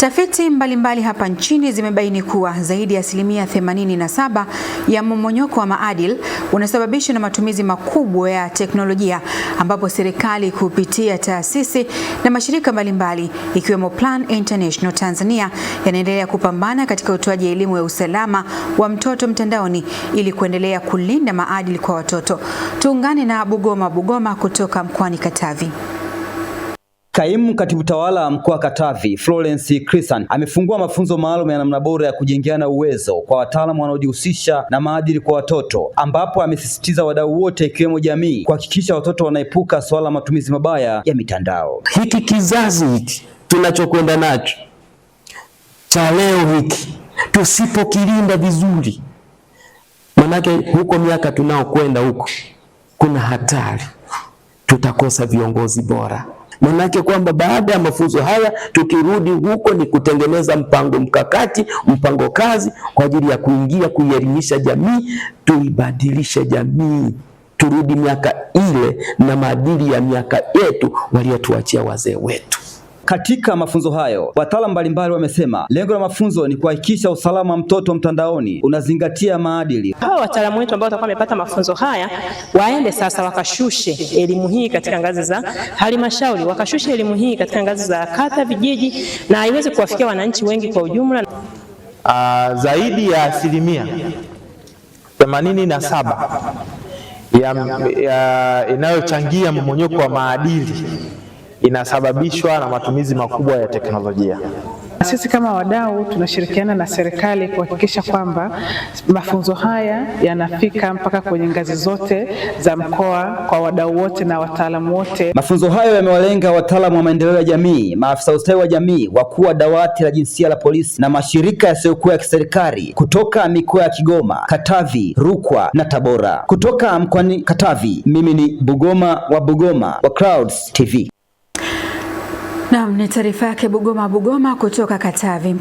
Tafiti mbalimbali mbali hapa nchini zimebaini kuwa zaidi ya asilimia 87 ya mmomonyoko wa maadili unasababishwa na matumizi makubwa ya teknolojia, ambapo serikali kupitia taasisi na mashirika mbalimbali ikiwemo Plan International Tanzania yanaendelea kupambana katika utoaji elimu ya usalama wa mtoto mtandaoni ili kuendelea kulinda maadili kwa watoto. Tuungane na Bugoma Bugoma kutoka mkoani Katavi. Kaimu katibu tawala mkoa Katavi, Florence Christian amefungua mafunzo maalum ya namna bora ya kujengeana uwezo kwa wataalamu wanaojihusisha na maadili kwa watoto, ambapo amesisitiza wadau wote ikiwemo jamii kuhakikisha watoto wanaepuka swala matumizi mabaya ya mitandao. Hiki kizazi hiki tunachokwenda nacho cha leo hiki, tusipokilinda vizuri, manake huko miaka tunaokwenda huko kuna hatari, tutakosa viongozi bora. Maanake kwamba baada ya mafunzo haya tukirudi huko ni kutengeneza mpango mkakati, mpango kazi kwa ajili ya kuingia kuielimisha jamii, tuibadilishe jamii, turudi miaka ile na maadili ya miaka yetu waliotuachia wazee wetu. Katika mafunzo hayo, wataalamu mbalimbali wamesema lengo la mafunzo ni kuhakikisha usalama wa mtoto mtandaoni unazingatia maadili. Hao wataalamu wetu ambao watakuwa wamepata mafunzo haya waende sasa wakashushe elimu hii katika ngazi za halmashauri, wakashushe elimu hii katika ngazi za kata, vijiji na iweze kuwafikia wananchi wengi kwa ujumla. Uh, zaidi ya asilimia themanini na saba ya, ya inayochangia mmonyoko wa maadili inasababishwa na matumizi makubwa ya teknolojia. Sisi kama wadau tunashirikiana na serikali kuhakikisha kwamba mafunzo haya yanafika mpaka kwenye ngazi zote za mkoa kwa wadau wote na wataalamu wote. Mafunzo hayo yamewalenga wataalamu wa maendeleo ya jamii, maafisa ustawi wa jamii, wakuu wa dawati la jinsia la polisi na mashirika yasiyokuwa ya kiserikali kutoka mikoa ya Kigoma, Katavi, Rukwa na Tabora. Kutoka mkoani Katavi, mimi ni Bugoma wa Bugoma wa Clouds TV. Naam, ni taarifa yake Bugoma Bugoma kutoka Katavi.